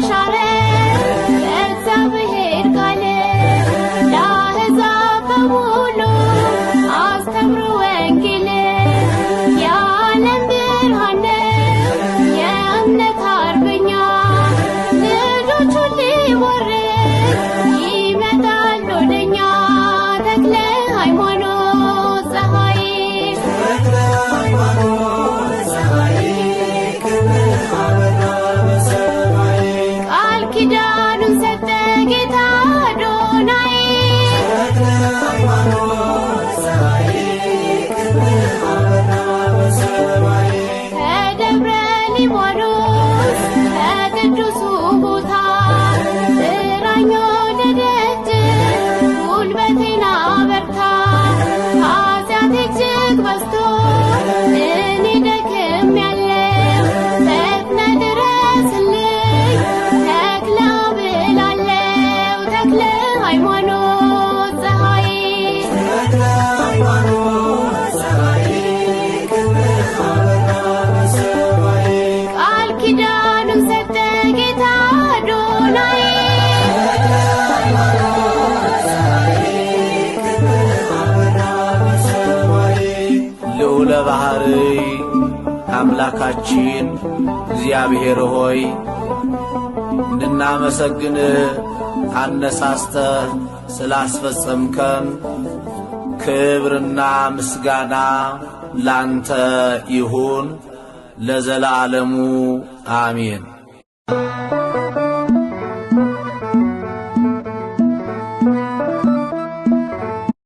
Beijar. አምላካችን እግዚአብሔር ሆይ እንድናመሰግን አነሳስተ ስላስፈጸምከን ክብርና ምስጋና ላንተ ይሁን ለዘላለሙ አሜን።